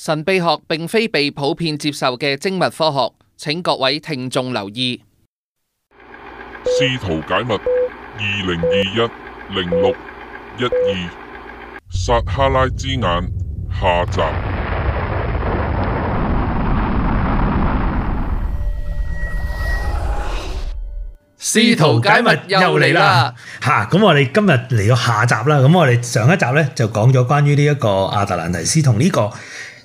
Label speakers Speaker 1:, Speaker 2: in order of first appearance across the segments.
Speaker 1: 神秘學並非被普遍接受嘅精密科學，請各位聽眾留意。試圖解密二零二一零六一二撒哈拉之眼下集。
Speaker 2: 試圖解密又嚟啦！吓、啊，咁我哋今日嚟到下集啦。咁我哋上一集呢，就講咗關於呢一個亞特蘭提斯同呢、這個。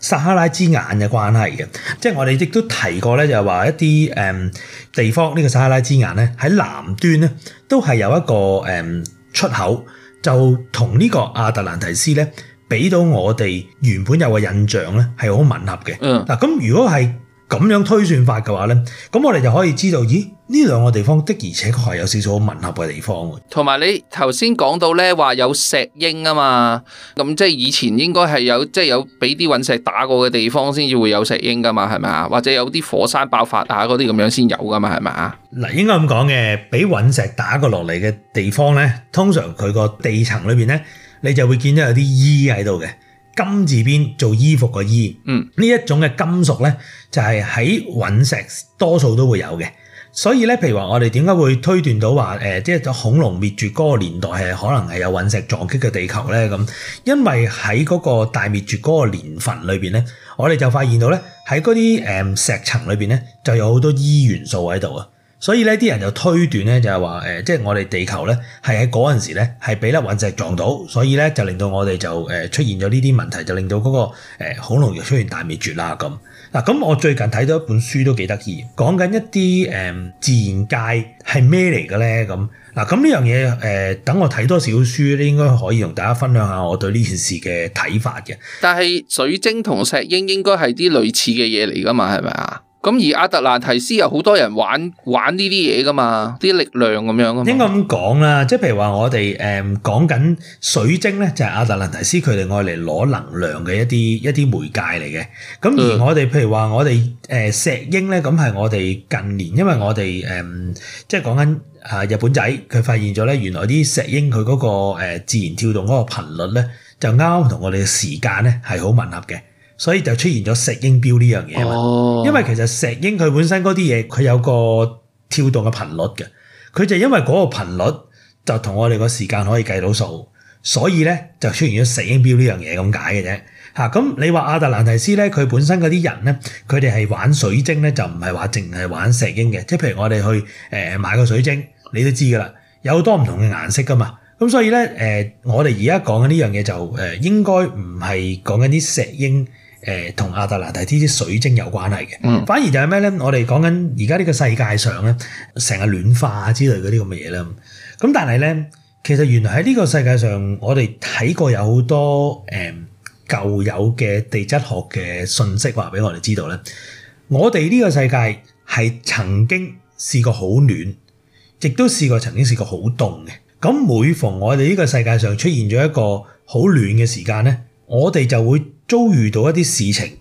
Speaker 2: 撒哈拉之眼嘅關係嘅，即係我哋亦都提過就係話一啲地方呢個撒哈拉之眼呢喺南端呢，都係有一個出口，就同呢個亞特蘭提斯呢，俾到我哋原本有嘅印象呢，係好吻合嘅。嗱，噉如果係。咁樣推算法嘅話呢，咁我哋就可以知道，咦？呢兩個地方的而且確係有少少吻合嘅地方。
Speaker 1: 同埋你頭先講到呢話有石英啊嘛，咁即係以前應該係有，即係有俾啲隕石打過嘅地方，先至會有石英噶嘛，係咪啊？或者有啲火山爆發啊，嗰啲咁樣先有噶嘛，
Speaker 2: 係咪啊？嗱，應該咁講嘅，俾隕石打過落嚟嘅地方呢，通常佢個地層裏邊呢，你就會見到有啲伊喺度嘅。金字邊做衣服個衣，嗯，呢一種嘅金屬呢，就係喺隕石多數都會有嘅，所以呢，譬如話我哋點解會推斷到話，誒，即係喺恐龍滅絕嗰個年代係可能係有隕石撞擊嘅地球呢？咁，因為喺嗰個大滅絕嗰個年份裏邊呢，我哋就發現到呢，喺嗰啲誒石層裏邊呢，就有好多銥元素喺度啊。所以咧，啲人就推斷咧，就係話誒，即係我哋地球咧，係喺嗰陣時咧，係俾粒隕石撞到，所以咧就令到我哋就誒出現咗呢啲問題，就令到嗰個誒好容易出現大滅絕啦咁。嗱，咁我最近睇到一本書都幾得意，講緊一啲誒自然界係咩嚟嘅咧咁。嗱，咁呢樣嘢誒，等我睇多少書咧，應該可以同大家分享下我對呢件事嘅睇法嘅。
Speaker 1: 但係水晶同石英應該係啲類似嘅嘢嚟㗎嘛，係咪啊？咁而阿特蘭提斯有好多人玩玩呢啲嘢噶嘛，啲
Speaker 2: 力量咁樣啊，應該咁講啦。即係譬如話我哋誒講緊水晶咧，就係、是、阿特蘭提斯佢哋愛嚟攞能量嘅一啲一啲媒介嚟嘅。咁、嗯、而我哋譬如話我哋誒、呃、石英咧，咁係我哋近年，因為我哋誒、嗯、即係講緊啊日本仔，佢發現咗咧，原來啲石英佢嗰、那個誒、呃、自然跳動嗰個頻率咧，就啱同我哋嘅時間咧係好吻合嘅。所以就出現咗石英表呢樣嘢，因為其實石英佢本身嗰啲嘢，佢有個跳動嘅頻率嘅，佢就因為嗰個頻率就同我哋個時間可以計到數，所以呢，就出現咗石英表呢樣嘢咁解嘅啫。嚇，咁你話亞特蘭提斯呢，佢本身嗰啲人呢，佢哋係玩水晶呢，就唔係話淨係玩石英嘅，即係譬如我哋去誒買個水晶，你都知噶啦，有好多唔同嘅顏色噶嘛，咁所以呢，誒，我哋而家講緊呢樣嘢就誒，應該唔係講緊啲石英。誒同亞特蘭蒂斯啲啲水晶有關係嘅，反而就係咩呢？我哋講緊而家呢個世界上呢，成日暖化之類嗰啲咁嘅嘢啦，咁但係呢，其實原來喺呢個世界上，我哋睇過有好多誒、嗯、舊有嘅地質學嘅信息話俾我哋知道呢，我哋呢個世界係曾經試過好暖，亦都試過曾經試過好凍嘅。咁每逢我哋呢個世界上出現咗一個好暖嘅時間呢，我哋就會。遭遇到一啲事情，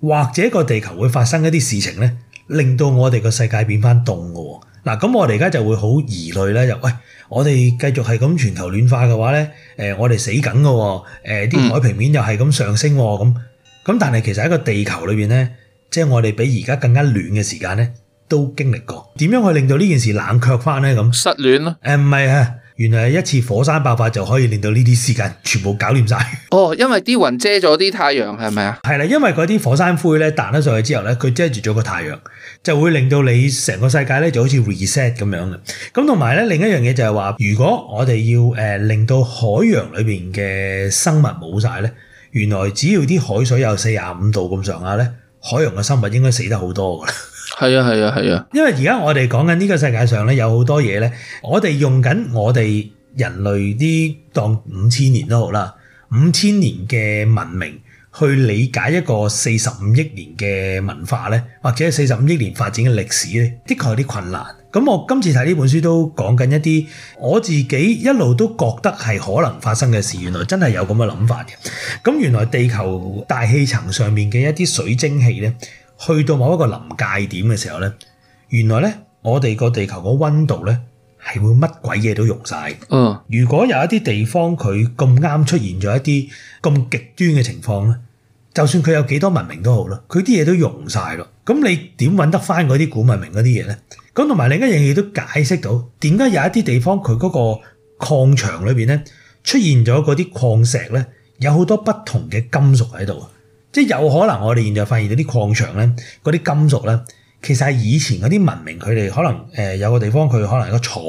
Speaker 2: 或者個地球會發生一啲事情呢，令到我哋個世界變翻凍嘅喎。嗱，咁我哋而家就會好疑慮咧，就喂，我哋繼續係咁全球暖化嘅話呢、呃，我哋死緊嘅喎，呃、啲海平面又係咁上升喎，咁、嗯，咁但係其實喺個地球裏面呢，即係我哋比而家更加暖嘅時間呢，都經歷過。點樣去令到呢件事冷卻翻呢？咁失戀咯？誒、呃，唔係啊。原來一次火山爆發就可以令到呢啲時間全部搞掂晒。
Speaker 1: 哦，因為啲雲遮咗啲太陽，
Speaker 2: 係咪啊？係啦，因為嗰啲火山灰咧，彈咗上去之後咧，佢遮住咗個太陽，就會令到你成個世界咧就好似 reset 咁樣嘅。咁同埋咧，另一樣嘢就係話，如果我哋要誒、呃、令到海洋裏邊嘅生物冇晒咧，原來只要啲海水有四廿五四十五度咁上下咧，海洋嘅生物應該死得好多㗎喇。
Speaker 1: 係啊，係啊，係啊！是啊是啊，
Speaker 2: 因為而家我哋講緊呢個世界上咧，有好多嘢咧，我哋用緊我哋人類啲當五千年都好啦，五千年嘅文明去理解一個四十五億年嘅文化咧，或者四十五億年發展嘅歷史咧，的確有啲困難。咁我今次睇呢本書都講緊一啲我自己一路都覺得係可能發生嘅事，原來真係有咁嘅諗法嘅。咁原來地球大氣層上面嘅一啲水蒸氣咧。去到某一個臨界點嘅時候呢，原來呢，我哋個地球個温度呢，係會乜鬼嘢都溶晒。嗯，如果有一啲地方佢咁啱出現咗一啲咁極端嘅情況呢，就算佢有幾多文明都好啦，佢啲嘢都溶晒咯。咁你點揾得翻嗰啲古文明嗰啲嘢呢？咁同埋另一樣嘢都解釋到點解有一啲地方佢嗰個礦場裏面呢，出現咗嗰啲礦石呢，有好多不同嘅金屬喺度。即係有可能，我哋現在發現到啲礦場咧，嗰啲金屬咧，其實係以前嗰啲文明佢哋可能誒、呃、有個地方佢可能有個廠，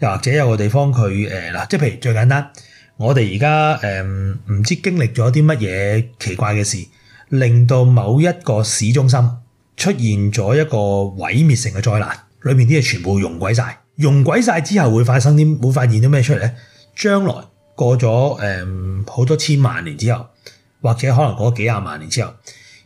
Speaker 2: 又或者有個地方佢誒嗱，即係譬如最簡單，我哋而家誒唔知經歷咗啲乜嘢奇怪嘅事，令到某一個市中心出現咗一個毀滅性嘅災難，裏面啲嘢全部溶鬼晒。溶鬼晒之後會發生啲會發現啲咩出嚟咧？將來過咗誒好多千萬年之後。或者可能過幾廿萬年之後，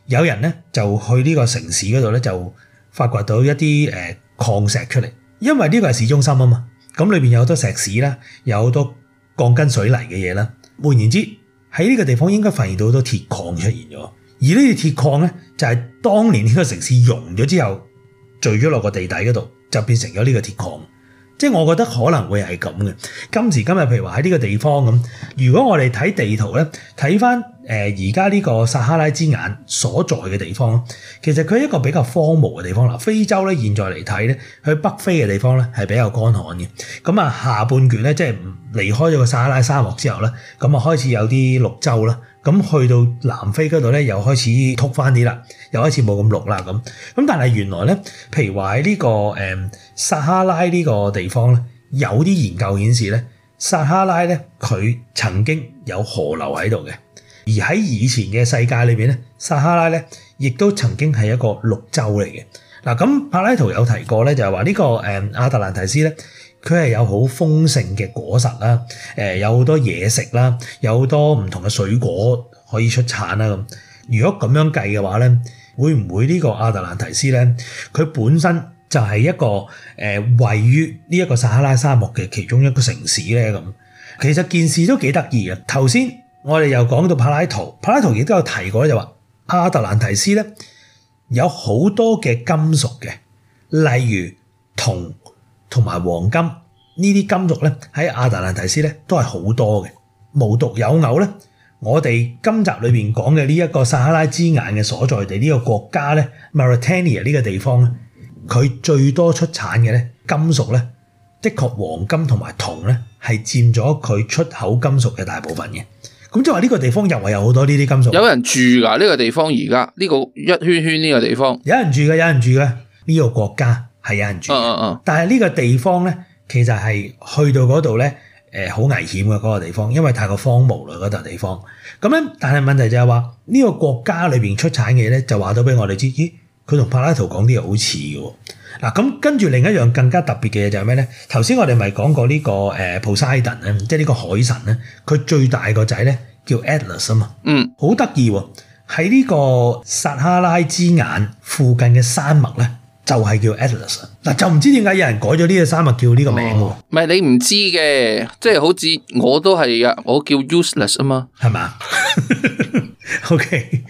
Speaker 2: 有人呢就去呢個城市嗰度呢，就發掘到一啲誒礦石出嚟，因為呢個係市中心啊嘛，咁裏面有好多石屎啦，有好多鋼筋水泥嘅嘢啦。換言之，喺呢個地方應該發現到好多鐵礦出現咗，而呢啲鐵礦呢，就係當年呢個城市融咗之後，墜咗落個地底嗰度，就變成咗呢個鐵礦。即係我覺得可能會係咁嘅。今時今日，譬如話喺呢個地方咁，如果我哋睇地圖咧，睇翻誒而家呢個撒哈拉之眼所在嘅地方，其實佢一個比較荒蕪嘅地方啦。非洲咧現在嚟睇咧，去北非嘅地方咧係比較乾旱嘅。咁啊下半段咧，即係離開咗個撒哈拉沙漠之後咧，咁啊開始有啲綠洲啦。咁去到南非嗰度咧，又開始縮翻啲啦，又開始冇咁綠啦咁。咁但係原來咧，譬如話喺呢個誒撒哈拉呢個地方咧，有啲研究顯示咧，撒哈拉咧佢曾經有河流喺度嘅，而喺以前嘅世界裏邊咧，撒哈拉咧亦都曾經係一個綠洲嚟嘅。嗱，咁柏拉圖有提過咧、這個，就係話呢個誒亞特蘭提斯咧。佢係有好豐盛嘅果實啦，誒有好多嘢食啦，有好多唔同嘅水果可以出產啦咁。如果咁樣計嘅話呢，會唔會呢個阿特蘭提斯呢？佢本身就係一個誒位於呢一個撒哈拉沙漠嘅其中一個城市呢？咁。其實件事都幾得意呀。頭先我哋又講到柏拉圖，柏拉圖亦都有提過就話阿特蘭提斯呢，有好多嘅金屬嘅，例如銅。同埋黃金呢啲金屬呢，喺亞特蘭提斯呢，都係好多嘅。無獨有偶呢，我哋今集裏面講嘅呢一個撒哈拉之眼嘅所在地，呢個國家呢 Mauritania，呢個地方呢，佢最多出產嘅呢，金屬呢，的確黃金同埋銅呢，係佔咗佢出口金屬嘅大部分嘅。咁即係話呢個地方又係有好多呢啲金屬。有
Speaker 1: 人住㗎？呢個地方而家
Speaker 2: 呢個一圈圈呢個地方有人住嘅，有人住嘅呢個國家。係有人住，但係呢個地方呢，其實係去到嗰度呢，誒，好危險嘅嗰個地方，因為太過荒蕪啦嗰度地方。咁呢，但係問題就係話呢個國家裏邊出產嘅嘢呢，就話到俾我哋知，咦，佢同柏拉圖講啲嘢好似嘅。嗱、啊，咁跟住另一樣更加特別嘅嘢就係咩呢？頭先我哋咪講過呢、這個誒，Poseidon、呃、即係呢個海神呢，佢最大個仔呢，叫 Atlas 啊嘛，嗯，好得意喎，喺呢個撒哈拉之眼附近嘅山脈呢。就係叫 Atlas 嗱，就唔知點解有人改咗呢個生物叫呢個名喎。
Speaker 1: 唔係、哦、你唔知嘅，即、就、係、是、好似我都係啊，我叫 Useless 啊嘛，係咪
Speaker 2: OK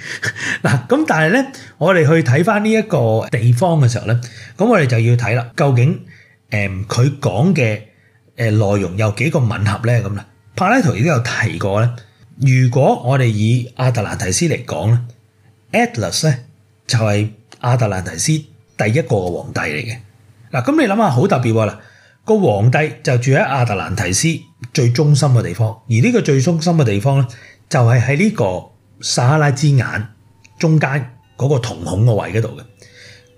Speaker 2: 嗱，咁、 okay，但係咧，我哋去睇翻呢一個地方嘅時候咧，咁我哋就要睇啦，究竟誒佢講嘅誒內容有幾個吻合咧？咁啦，柏拉圖亦都有提過咧。如果我哋以阿特蘭提斯嚟講咧，Atlas 咧就係、是、阿特蘭提斯。第一個皇帝嚟嘅。嗱，咁你諗下好特別喎。嗱，個皇帝就住喺亞特蘭提斯最中心嘅地方，而呢個最中心嘅地方咧，就係喺呢個撒哈拉之眼中間嗰個瞳孔個位嗰度嘅，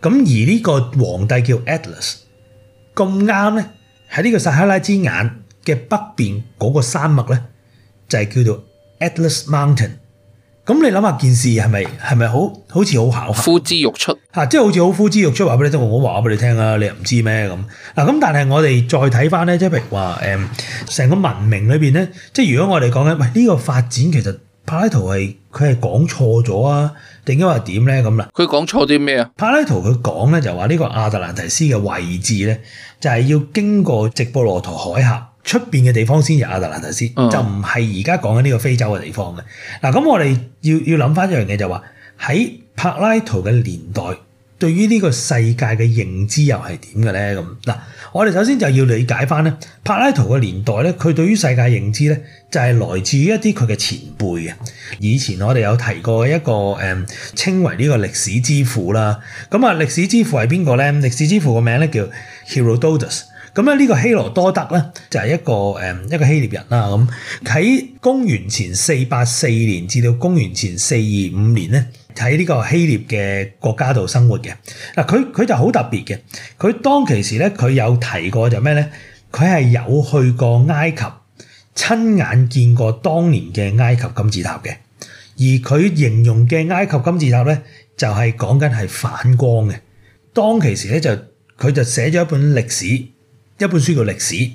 Speaker 2: 咁而呢個皇帝叫 Atlas，咁啱咧喺呢個撒哈拉之眼嘅北邊嗰個山脈咧，就係叫做 Atlas Mountain。咁你諗下件事係咪係咪好好似好巧合？呼之欲出，即係好似好呼之欲出。話俾你聽，我話俾你聽啊，你又唔知咩咁咁但係我哋再睇返呢，即係譬如話成個文明裏面呢，即係如果我哋講咧，喂，呢個發展其實柏拉圖係佢係講錯咗啊？定係話點呢？咁啦？佢講錯啲咩啊？柏拉圖佢講呢就話呢個亞特蘭提斯嘅位置呢，就係要經過直布羅陀海峽。出面嘅地方先有阿特蘭特斯，嗯、就唔係而家講緊呢個非洲嘅地方嘅。嗱，咁我哋要要諗翻一樣嘢，就是，就話喺柏拉圖嘅年代，對於呢個世界嘅認知又係點嘅咧？咁嗱，我哋首先就要理解翻咧，柏拉圖嘅年代咧，佢對於世界認知咧，就係來自於一啲佢嘅前輩嘅。以前我哋有提過一個誒，稱為呢個歷史之父啦。咁啊，歷史之父係邊個咧？歷史之父個名咧叫 Herodotus。咁咧呢個希羅多德咧就係一個誒一個希臘人啦，咁喺公元前四八四年至到公元前四二五年咧，喺呢個希臘嘅國家度生活嘅。嗱，佢佢就好特別嘅，佢當其時咧佢有提過就咩咧？佢係有去過埃及，親眼見過當年嘅埃及金字塔嘅，而佢形容嘅埃及金字塔咧就係講緊係反光嘅。當其時咧就佢就寫咗一本歷史。一本書叫歷史，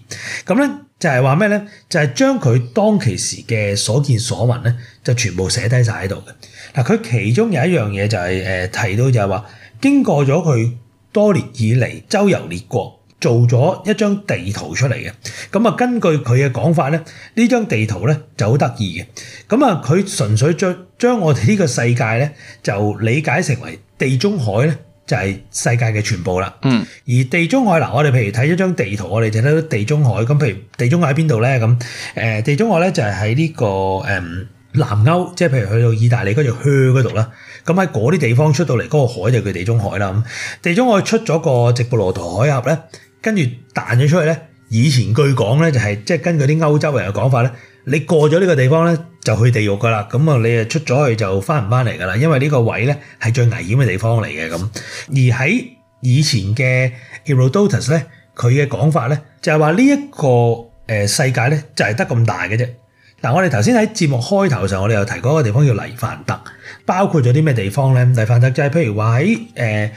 Speaker 2: 咁咧就係話咩咧？就係將佢當其時嘅所見所聞咧，就全部寫低晒喺度嘅。嗱，佢其中有一樣嘢就係提到就，就係話經過咗佢多年以嚟周遊列國，做咗一張地圖出嚟嘅。咁啊，根據佢嘅講法咧，呢張地圖咧就好得意嘅。咁啊，佢純粹將將我哋呢個世界咧就理解成為地中海咧。就係世界嘅全部啦。嗯，而地中海嗱，我哋譬如睇一張地圖，我哋睇到地中海咁。譬如地中海喺邊度咧？咁誒，地中海咧就係喺呢個誒、嗯、南歐，即係譬如去到意大利嗰條靴嗰度啦。咁喺嗰啲地方出到嚟，嗰個海就叫地中海啦。咁地中海出咗個直布羅陀海峽咧，跟住彈咗出去咧。以前據講咧、就係，就係即係根據啲歐洲人嘅講法咧。你過咗呢個地方咧，就去地獄噶啦。咁啊，你啊出咗去就翻唔翻嚟噶啦，因為呢個位咧係最危險嘅地方嚟嘅。咁而喺以前嘅 Herodotus 咧，佢嘅講法咧就係話呢一個誒世界咧就係得咁大嘅啫。嗱，我哋頭先喺節目開頭上，我哋有提過一個地方叫黎凡特，包括咗啲咩地方咧？黎凡特就係譬如話喺誒，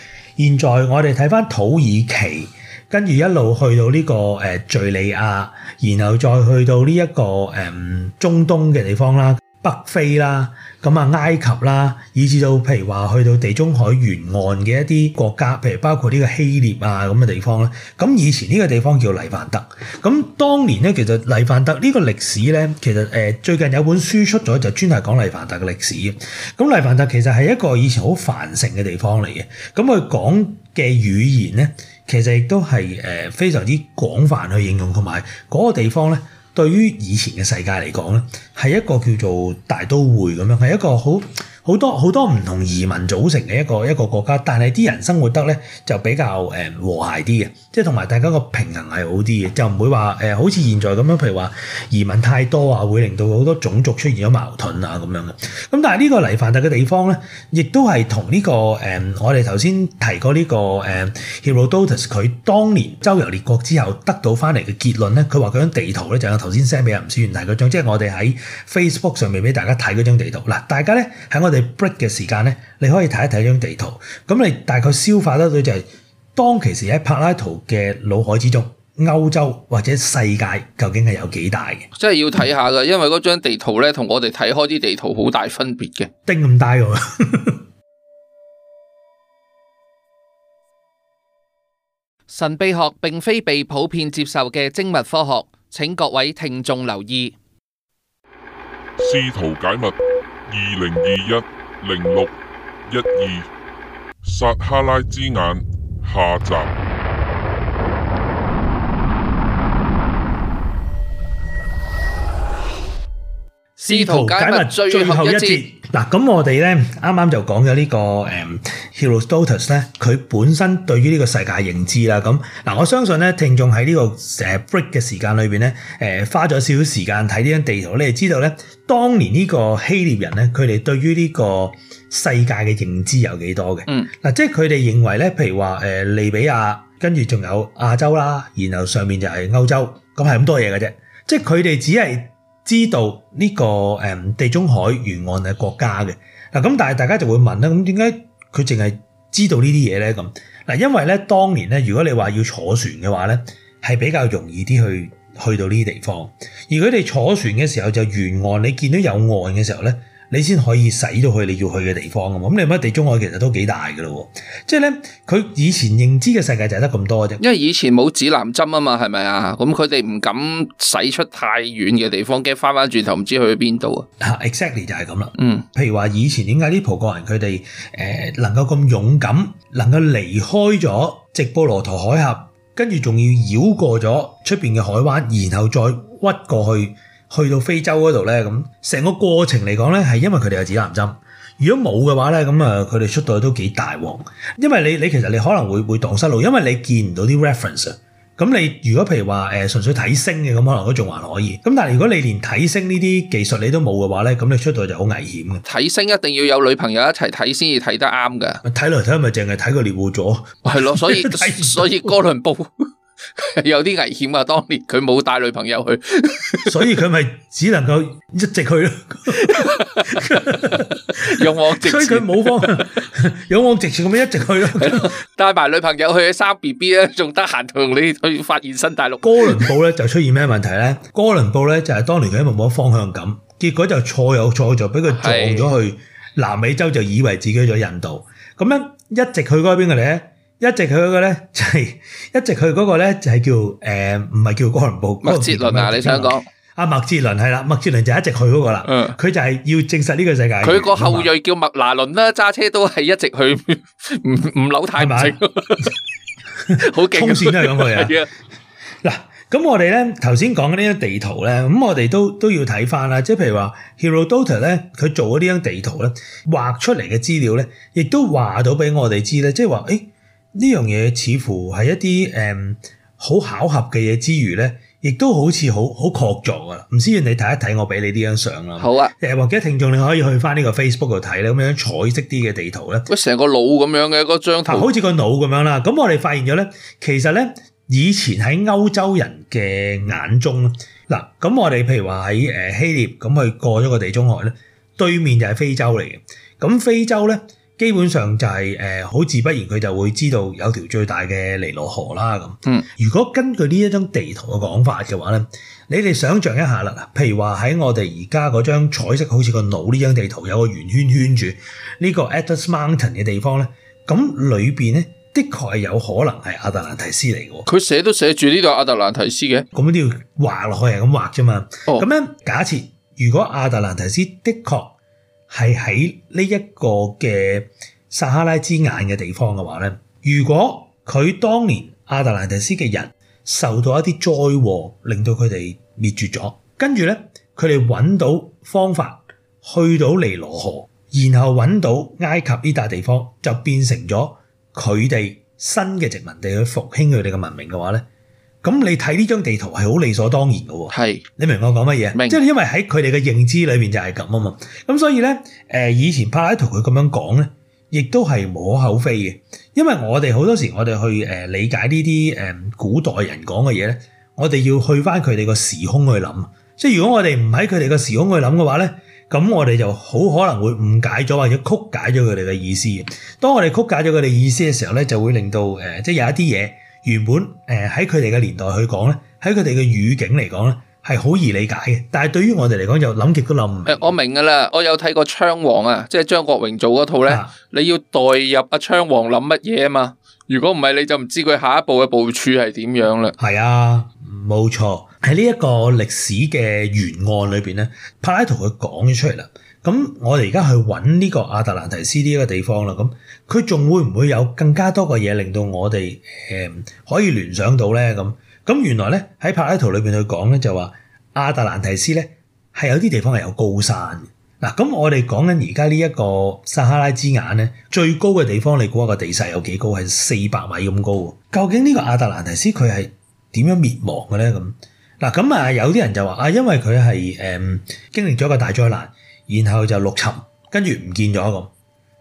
Speaker 2: 現在我哋睇翻土耳其。跟住一路去到呢個誒敘利亞，然後再去到呢一個誒中東嘅地方啦，北非啦，咁啊埃及啦，以至到譬如話去到地中海沿岸嘅一啲國家，譬如包括呢個希臘啊咁嘅地方啦。咁以前呢個地方叫黎凡特。咁當年咧，其實黎凡特呢個歷史咧，其實誒最近有本書出咗，就專係講黎凡特嘅歷史。咁黎凡特其實係一個以前好繁盛嘅地方嚟嘅。咁佢講嘅語言咧。其實亦都係誒非常之廣泛去應用，同埋嗰個地方咧，對於以前嘅世界嚟講咧，係一個叫做大都會咁樣，係一個好，好多好多唔同移民組成嘅一個一個國家，但係啲人生活得呢就比較、嗯、和諧啲嘅，即係同埋大家個平衡係好啲嘅，就唔會話好似現在咁樣，譬如話移民太多啊，會令到好多種族出現咗矛盾啊咁樣嘅。咁但係呢個黎凡特嘅地方呢，亦都係同呢個誒、嗯、我哋頭先提過呢、這個誒、嗯、h e r o d o t u s 佢當年周遊列國之後得到翻嚟嘅結論呢。佢話嗰張地圖呢，就有頭先 send 俾阿吳思源嗰張，即係我哋喺 Facebook 上面俾大家睇嗰張地圖。嗱，大家喺我哋。我 break 嘅時間呢，你可以睇一睇張地圖，咁你大概消化得到就係當其時喺柏拉圖嘅腦海之中，歐洲或者世界究竟係有幾大
Speaker 1: 嘅？即係要睇下噶，因為嗰張地圖呢，同我哋睇開啲地圖好大分別嘅，釘咁
Speaker 2: 大喎、哦 ！
Speaker 1: 神秘學並非被普遍接受嘅精密科學，請各位聽眾留意，試圖解密。二零二一零六
Speaker 2: 一二，
Speaker 1: 撒哈拉之眼下集，試圖解密最後一節。
Speaker 2: 嗱，咁我哋咧啱啱就講咗呢個誒。Herodotus 咧，佢本身對於呢個世界認知啦，咁嗱，我相信咧，聽眾喺呢個誒 break 嘅時間裏面咧，花咗少少時間睇呢張地圖，你知道咧，當年呢個希臘人咧，佢哋對於呢個世界嘅認知有幾多嘅？嗯，嗱，即係佢哋認為咧，譬如話利比亞，跟住仲有亞洲啦，然後上面就係歐洲，咁係咁多嘢嘅啫，即係佢哋只係知道呢個誒地中海沿岸嘅國家嘅。嗱，咁但係大家就會問啦，咁點解？佢淨係知道呢啲嘢咧，咁，嗱，因為咧，當年咧，如果你話要坐船嘅話咧，係比較容易啲去去到呢啲地方。而佢哋坐船嘅時候，就沿岸，你見到有岸嘅時候咧，你先可以使到去你要去嘅地方，咁你乜地中海其實都幾大㗎咯喎，即係咧佢以前認知嘅世界就係得咁多啫。因為以前
Speaker 1: 冇指南針啊嘛，係咪啊？咁佢哋唔敢使出太遠嘅地方，驚翻翻
Speaker 2: 轉頭唔知去邊度啊？Exactly 就係咁啦。嗯，譬如話以前點解啲葡國人佢哋誒能夠咁勇敢，能夠離開咗直布羅陀海峽，跟住仲要繞過咗出面嘅海灣，然後再屈過去。去到非洲嗰度呢，咁成個過程嚟講呢，係因為佢哋有指南針。如果冇嘅話呢，咁啊佢哋出到去都幾大鑊，因為你你其實你可能會會蕩失路，因為你見唔到啲 reference。咁你如果譬如話誒、呃、純粹睇星嘅，咁可能都仲還可以。咁但係如果你連睇星呢啲技術你都冇嘅話呢，咁你出到去就好危險
Speaker 1: 嘅。睇星一定要有女朋友一齊睇先至睇
Speaker 2: 得啱㗎。睇嚟睇去咪淨係睇個獵戶座，係咯，所以
Speaker 1: 所以哥倫布。 有啲危險啊！當年佢冇帶女朋友去，
Speaker 2: 所以佢咪只能夠一直去
Speaker 1: 咯，勇 往直前。 所以佢冇方向，勇往直前咁樣一直去咯。帶 埋女朋友去生 B B 咧，仲得閒同你去發現新大陸。 哥
Speaker 2: 倫布咧就出現咩問題咧？ 哥倫布咧就係當年佢喺度冇方向感，結果就錯有錯着，俾佢撞咗去的南美洲，就以為自己去咗印度。咁樣一直去嗰邊嘅咧。一直去嗰個咧，就係一直去嗰個咧，就、呃、係叫誒，唔係叫哥倫布。麥哲倫啊，你想講？阿麥哲倫係啦，麥哲倫就一直去嗰、嗰個啦。嗯，佢就係要證實呢個世界。佢個後裔
Speaker 1: 叫麥拿倫啦，揸車都係一直去，唔唔扭太埋，好勁，通 線都係兩個人。
Speaker 2: 嗱、啊，咁我哋咧頭先講嘅呢張地圖咧，咁我哋都都要睇翻啦。即係譬如話，Hero Doctor 咧，佢做咗呢張地圖咧，畫出嚟嘅資料咧，亦都話到俾我哋知咧，即係話誒。欸呢樣嘢似乎係一啲誒好巧合嘅嘢之餘咧，亦都好似好好確鑿㗎啦。吳思遠，你睇一睇我俾你呢張相啦。好啊，誒或者聽眾你可以去翻呢個 Facebook 度睇咧，咁樣彩色啲嘅地圖咧。
Speaker 1: 喂，成個腦咁樣嘅
Speaker 2: 嗰張圖好似個腦咁樣啦。咁我哋發現咗咧，其實咧以前喺歐洲人嘅眼中嗱，咁我哋譬如話喺誒希臘咁去過咗個地中海咧，對面就係非洲嚟嘅。咁非洲咧。基本上就係、是、誒、呃，好自不然佢就會知道有條最大嘅尼羅河啦咁。嗯、如果根據呢一張地圖嘅講法嘅話咧，你哋想象一下啦，譬如話喺我哋而家嗰張彩色好似個腦呢張地圖，有個圓圈圈住呢、這個 Atlas Mountain 嘅地方咧，咁裏邊咧，的確係有可能係亞特蘭提斯嚟嘅。佢
Speaker 1: 寫都寫住呢個亞特蘭提斯嘅，
Speaker 2: 咁都要畫落去係咁畫啫嘛。咁樣、哦、假設如果亞特蘭提斯的確係喺呢一個嘅撒哈拉之眼嘅地方嘅話咧，如果佢當年亞特蘭蒂斯嘅人受到一啲災禍，令到佢哋滅絕咗，跟住咧佢哋揾到方法去到尼羅河，然後揾到埃及呢笪地方，就變成咗佢哋新嘅殖民地去復興佢哋嘅文明嘅話咧。咁你睇呢張地圖係好理所當然嘅，係是你明我講乜嘢？即係白因為喺佢哋嘅認知裏面就係咁啊嘛，咁所以咧，誒以前柏拉圖佢咁樣講咧，亦都係無可厚非嘅。因為我哋好多時我哋去誒理解呢啲誒古代人講嘅嘢咧，我哋要去翻佢哋個時空去諗。即係如果我哋唔喺佢哋個時空去諗嘅話咧，咁我哋就好可能會誤解咗或者曲解咗佢哋嘅意思。當我哋曲解咗佢哋意思嘅時候咧，就會令到誒即係有一啲嘢。原本誒喺佢哋嘅年代去講咧，喺佢哋嘅語境嚟講咧，係好易理解嘅。但係對於我哋嚟講，就諗極都諗唔明。
Speaker 1: 誒，我明噶啦，我有睇過《槍王》啊，即係張國榮做嗰套咧。啊、你要代入阿、啊、槍王諗乜嘢啊嘛？如果唔係，你就唔知佢下一步嘅部署係點
Speaker 2: 樣啦。係啊，冇錯。喺呢一個歷史嘅原案裏邊咧，柏拉圖佢講咗出嚟啦。咁我哋而家去揾呢個亞特蘭提斯呢一個地方啦，咁佢仲會唔會有更加多個嘢令到我哋誒可以聯想到呢？咁咁原來呢，喺柏拉圖裏面去講呢，就話亞特蘭提斯呢係有啲地方係有高山。嗱咁我哋講緊而家呢一個撒哈拉之眼呢，最高嘅地方你估下個地勢有幾高？係四百米咁高。究竟呢個亞特蘭提斯佢係點樣滅亡嘅呢？咁嗱咁啊有啲人就話啊，因為佢係誒經歷咗一個大災難。然後就陸沉，跟住唔見咗咁。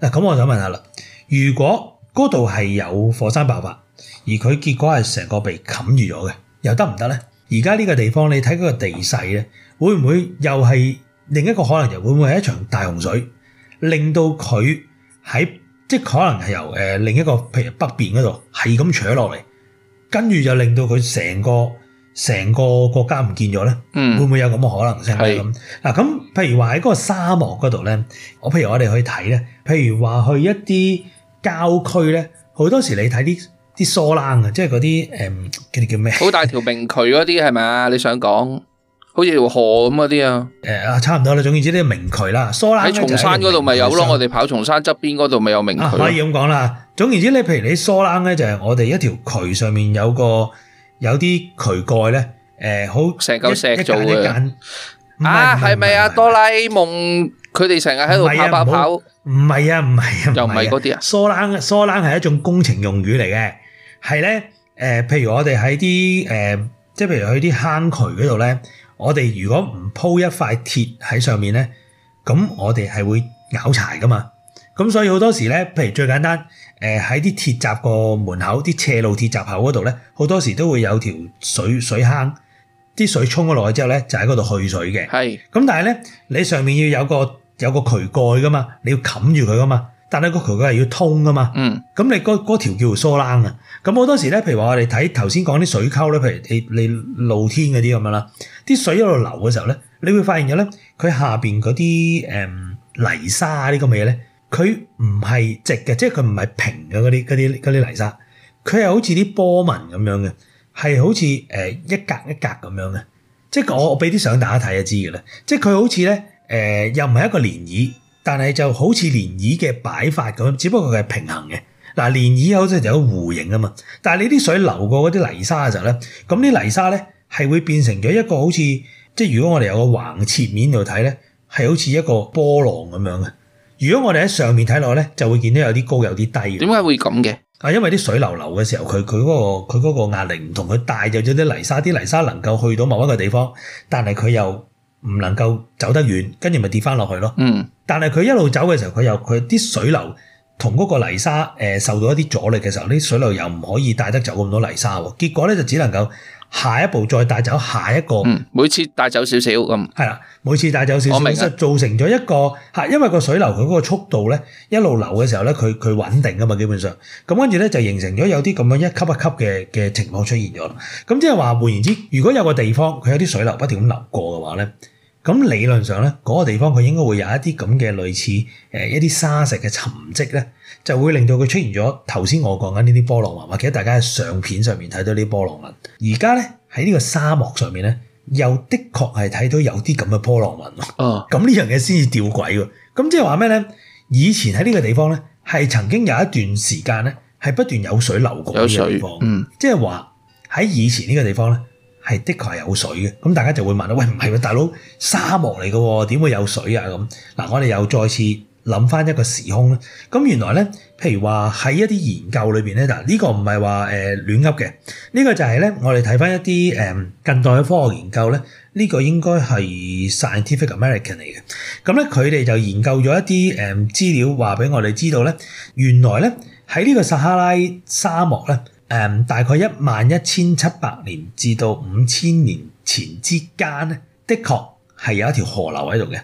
Speaker 2: 嗱，咁我想問下啦，如果嗰度係有火山爆發，而佢結果係成個被冚住咗嘅，又得唔得咧？而家呢個地方你睇嗰個地勢咧，會唔會又係另一個可能？又會唔會係一場大洪水，令到佢喺即係可能係由誒另一個譬如北邊嗰度係咁扯落嚟，跟住就令到佢成個。成個國家唔見咗咧，嗯、會唔會有咁嘅可能性咧？咁嗱是，咁、啊、譬如話喺嗰個沙漠嗰度咧，我譬如我哋去睇咧，譬如話去一啲郊區咧，好多時你睇啲啲疏冷嘅，即係嗰啲誒，嗰、嗯、啲叫咩？好
Speaker 1: 大條明渠嗰啲係咪？你想講好似條河咁嗰啲啊？誒、
Speaker 2: 呃、啊，差唔多啦。總言之，啲明渠啦，疏冷喺松山嗰度咪有咯。我
Speaker 1: 哋跑松山側邊嗰度咪有明渠。可以咁
Speaker 2: 講啦。總言之，你譬如你疏冷咧，就係、是、我哋一條渠上面有個。有啲渠蓋咧，誒，好成嚿石做嘅。啊，係
Speaker 1: 咪啊？哆啦 A 夢佢哋成日喺度跑跑跑。唔
Speaker 2: 係啊，唔係啊，又唔係嗰啲啊。疏冷疏冷係一種工程用語嚟嘅，係咧，誒，譬如我哋喺啲，誒，即係譬如去啲坑渠嗰度咧，我哋如果唔鋪一塊鐵喺上面咧，咁我哋係會咬柴噶嘛。咁所以好多時咧，譬如最簡單。誒喺啲鐵閘個門口，啲斜路鐵閘口嗰度咧，好多時都會有條水水坑，啲水沖咗落去之後咧，就喺嗰度去水嘅。咁是但係咧，你上面要有個有個渠蓋噶嘛，你要冚住佢噶嘛。但係個渠蓋係要通噶嘛。嗯。咁你嗰嗰條叫做疏冷啊。咁好多時咧，譬如話我哋睇頭先講啲水溝咧，譬如你你露天嗰啲咁樣啦，啲水一路流嘅時候咧，你會發現咗咧，佢下邊嗰啲誒泥沙呢個乜嘢咧？佢唔係直嘅，即係佢唔係平嘅，嗰啲嗰啲嗰啲泥沙，佢係好似啲波紋咁樣嘅，係好似誒、呃、一格一格咁樣嘅。即係我我俾啲相大家睇就知嘅啦。即係佢好似咧誒又唔係一個漣漪，但係就好似漣漪嘅擺法咁，只不過佢係平衡嘅。嗱，漣漪好似就有弧形啊嘛，但係你啲水流過嗰啲泥沙嘅時候咧，咁啲泥沙咧係會變成咗一個好似即係如果我哋有個橫切面度睇咧，係好似一個波浪咁樣嘅。如果我哋喺上面睇落咧，就會見到有啲高有啲低。點解會咁嘅？啊，因為啲水流流嘅時候，佢佢嗰個佢嗰個壓力唔同，佢帶咗啲泥沙，啲泥沙能夠去到某一個地方，但係佢又唔能夠走得遠，跟住咪跌翻落去咯。嗯。但係佢一路走嘅時候，佢又佢啲水流同嗰個泥沙誒受到一啲阻力嘅時候，啲水流又唔可以帶得走咁多泥沙喎。結果咧就只能夠。下一步再帶走下一個，
Speaker 1: 每次帶走少少咁，係啦，
Speaker 2: 每次帶走少少，其實造成咗一個，因為個水流佢嗰個速度咧，一路流嘅時候咧，佢佢穩定㗎嘛，基本上，咁跟住咧就形成咗有啲咁樣一級一級嘅嘅情況出現咗。咁即係話換言之，如果有個地方佢有啲水流不斷咁流過嘅話咧，咁理論上咧嗰個地方佢應該會有一啲咁嘅類似誒一啲沙石嘅沉積咧。就會令到佢出現咗頭先我講緊呢啲波浪紋，或者大家喺相片上面睇到呢啲波浪紋，而家呢，喺呢個沙漠上面呢，又的確係睇到有啲咁嘅波浪紋。咁呢樣嘢先至吊詭喎。咁即係話咩呢？以前喺呢個地方呢，係曾經有一段時間呢，係不斷有水流過嘅地方。有水，嗯，即係話喺以前呢個地方呢，係的確係有水嘅。咁大家就會問啦，喂，唔係大佬沙漠嚟嘅，點會有水啊？咁嗱，我哋又再次。諗翻一個時空咧，咁原來咧，譬如話喺一啲研究裏面咧，嗱呢個唔係話誒亂噏嘅，呢、呃這個就係咧我哋睇翻一啲誒、嗯、近代嘅科學研究咧，呢、這個應該係 Scientific American 嚟嘅。咁咧佢哋就研究咗一啲誒資料，話俾我哋知道咧，原來咧喺呢個撒哈拉沙漠咧，誒、嗯、大概一萬一千七百年至到五千年前之間咧，的確係有一條河流喺度嘅。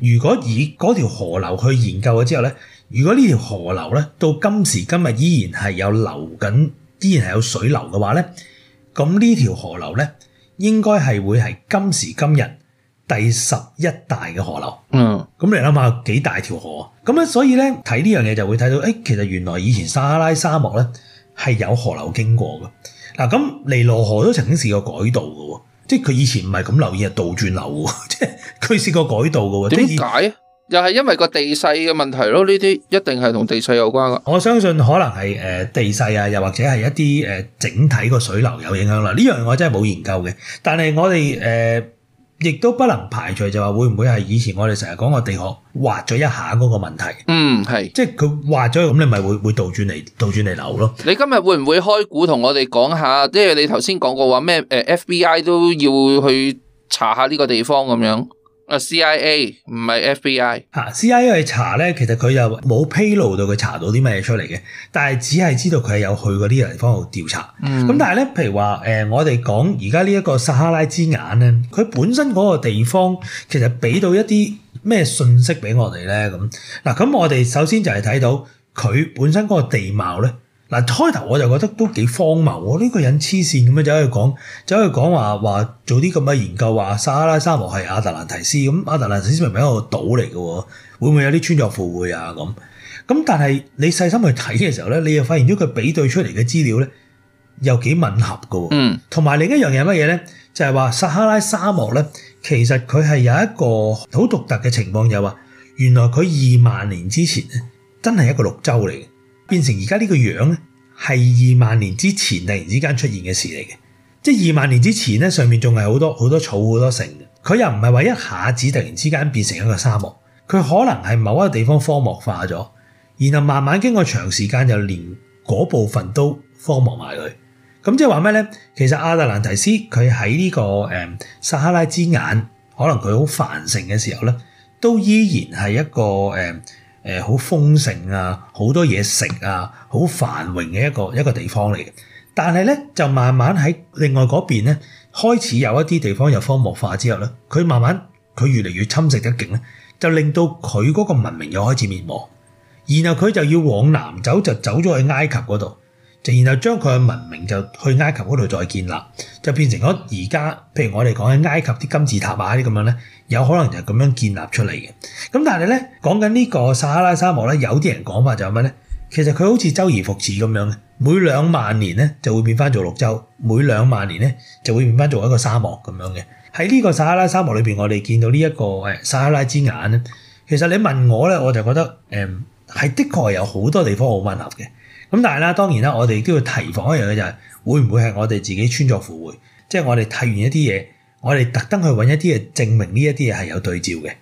Speaker 2: 如果以嗰條河流去研究咗之後呢，如果呢條河流呢，到今時今日依然係有流緊，依然係有水流嘅話呢，咁呢條河流呢，應該係會係今時今日第十一大嘅河流。嗯，咁你諗下幾大條河？咁咧，所以呢，睇呢樣嘢就會睇到，誒，其實原來以前撒哈拉沙漠呢，係有河流經過㗎。嗱，咁尼羅河都曾經試過改道嘅。即係佢以前唔係咁留意，係倒轉流，即係佢試過改道嘅。點解？
Speaker 1: 以又係因為個地勢嘅問題咯？呢啲一定係同地勢有關。
Speaker 2: 我相信可能係，誒，地勢啊，又或者係一啲，誒，整體個水流有影響啦。呢樣我真係冇研究嘅，但係我哋誒。呃亦都不能排除，就話會唔會係以前我哋成日講個地殼滑咗一下嗰個問題？嗯，係，即係佢滑咗，咁你咪會會倒轉嚟倒轉嚟流咯。
Speaker 1: 你今日會唔會開估同我哋講下？即係你頭先講過話咩？誒，F B I 都要去查下呢個地方咁樣。啊，CIA 唔係 FBI
Speaker 2: 吓，CIA 去查咧，其實佢又冇披露到佢查到啲乜嘢出嚟嘅，但係只係知道佢係有去過呢個地方度調查。咁、嗯、但係咧，譬如話誒，我哋講而家呢一個撒哈拉之眼咧，佢本身嗰個地方其實俾到一啲咩信息俾我哋咧？咁嗱，咁我哋首先就係睇到佢本身嗰個地貌咧。嗱，開頭我就覺得都幾荒謬，呢、這個人黐線咁樣走去講，走去講話話做啲咁嘅研究，話撒哈拉沙漠係亞特蘭提斯咁，亞特蘭提斯明明一個島嚟嘅，會唔會有啲穿鑿附會啊？咁咁，但係你細心去睇嘅時候咧，你又發現咗佢比對出嚟嘅資料咧，又幾吻合嘅。嗯，同埋另一樣嘢乜嘢咧，就係話撒哈拉沙漠咧，其實佢係有一個好獨特嘅情況，就話、是、原來佢二萬年之前咧，真係一個綠洲嚟嘅。變成而家呢個樣咧，係二萬年之前突然之間出現嘅事嚟嘅。即係二萬年之前咧，上面仲係好多好多草好多城。佢又唔係話一下子突然之間變成一個沙漠，佢可能係某一個地方荒漠化咗，然後慢慢經過長時間，又連嗰部分都荒漠埋佢。咁即係話咩咧？其實亞特蘭提斯佢喺呢個誒撒哈拉之眼，可能佢好繁盛嘅時候咧，都依然係一個誒。嗯誒好豐盛啊，好多嘢食啊，好繁榮嘅一個一個地方嚟嘅。但係咧，就慢慢喺另外嗰邊咧，開始有一啲地方又荒漠化之後咧，佢慢慢佢越嚟越侵蝕得勁咧，就令到佢嗰個文明又開始滅亡。然後佢就要往南走，就走咗去埃及嗰度。就然後將佢嘅文明就去埃及嗰度再建立，就變成咗而家，譬如我哋講緊埃及啲金字塔啊啲咁樣咧，有可能就咁樣建立出嚟嘅。咁但係咧，講緊呢個撒哈拉沙漠咧，有啲人講法就係咩咧？其實佢好似周而復始咁樣嘅。每兩萬年咧就會變翻做綠洲，每兩萬年咧就會變翻做一個沙漠咁樣嘅。喺呢個撒哈拉沙漠裏面我、這個，我哋見到呢一個撒哈拉之眼咧，其實你問我咧，我就覺得誒係、嗯、的確有好多地方好吻合嘅。咁但係啦，當然啦，我哋都要提防一樣嘢就係會唔會係我哋自己穿鑿附會，即係我哋睇完一啲嘢，我哋特登去揾一啲嘢證明呢一啲嘢係有對照嘅。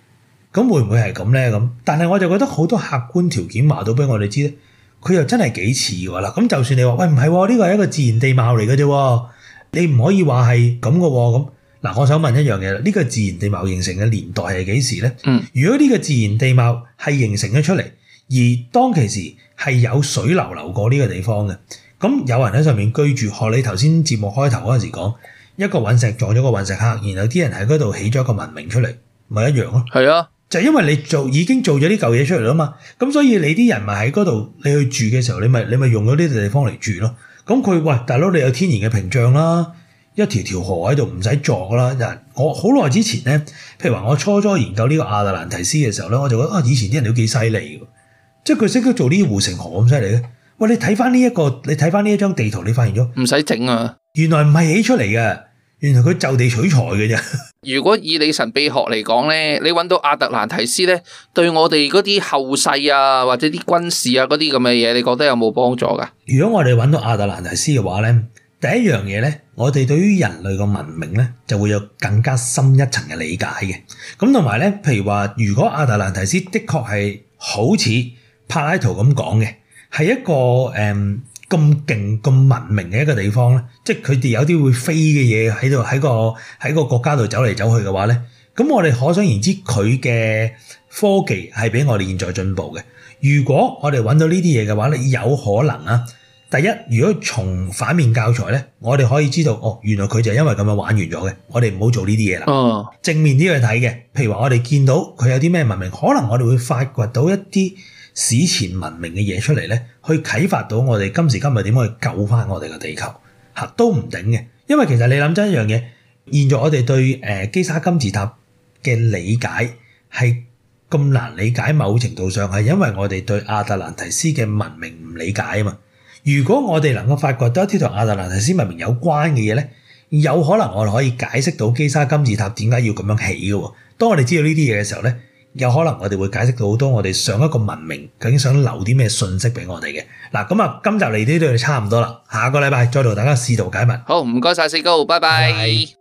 Speaker 2: 咁會唔會係咁呢？咁但係我就覺得好多客觀條件話到俾我哋知呢，佢又真係幾似噶啦。咁就算你話喂，唔係呢個係一個自然地貌嚟嘅啫，你唔可以話係咁喎。咁嗱，我想問一樣嘢，呢個自然地貌形成嘅年代係幾時呢？嗯，如果呢個自然地貌係形成咗出嚟，而當其時。係有水流流過呢個地方嘅，咁有人喺上面居住。學你頭先節目開頭嗰陣時講，一個隕石撞咗個隕石坑，然後啲人喺嗰度起咗一個文明出嚟，咪一樣咯。係是啊，就因為你做已經做咗啲舊嘢出嚟啦嘛，咁所以你啲人咪喺嗰度你去住嘅時候，你咪你咪用咗呢個地方嚟住咯。咁佢喂，大佬，你有天然嘅屏障啦，一條條河喺度唔使撞啦。我好耐之前咧，譬如話我初初研究呢個亞特蘭提斯嘅時候咧，我就覺得啊，以前啲人都幾犀利。即係佢識得做呢啲護城河咁犀利嘅。喂，你睇翻呢一個，你睇翻呢一張地圖，你發現咗唔使整啊！原來唔係起出嚟嘅，原來佢就地取材嘅啫。
Speaker 1: 如果以你神秘學嚟講咧，你揾到亞特蘭提斯咧，對我哋嗰啲後世啊，或者啲軍事啊嗰啲咁嘅嘢，你覺得有冇幫助噶？
Speaker 2: 如果我哋揾到亞特蘭提斯嘅話咧，第一樣嘢咧，我哋對於人類嘅文明咧，就會有更加深一層嘅理解嘅。咁同埋咧，譬如話，如果亞特蘭提斯的確係好似。柏拉圖咁講嘅係一個誒咁勁咁文明嘅一個地方咧，即係佢哋有啲會飛嘅嘢喺度喺個喺個國家度走嚟走去嘅話咧，咁我哋可想而知佢嘅科技係比我哋現在進步嘅。如果我哋揾到呢啲嘢嘅話咧，有可能啊，第一，如果從反面教材咧，我哋可以知道哦，原來佢就因為咁樣玩完咗嘅，我哋唔好做呢啲嘢啦。哦，正面啲去睇嘅，譬如話我哋見到佢有啲咩文明，可能我哋會發掘到一啲。史前文明嘅嘢出嚟呢，去啟發到我哋今時今日點去救翻我哋嘅地球吓都唔頂嘅，因為其實你諗真一樣嘢，現在我哋對基沙金字塔嘅理解係咁難理解，某程度上係因為我哋對亞特蘭提斯嘅文明唔理解啊嘛。如果我哋能夠發掘到一啲同亞特蘭提斯文明有關嘅嘢呢，有可能我哋可以解釋到基沙金字塔點解要咁樣起嘅喎。當我哋知道呢啲嘢嘅時候呢。有可能我哋會解釋到好多我哋上一個文明究竟想留啲咩信息俾我哋嘅。嗱，咁啊，今集嚟呢度差唔多啦，下個禮拜再同大家試圖解密。
Speaker 1: 好，唔該晒，薜
Speaker 2: 高，拜拜。拜拜拜拜。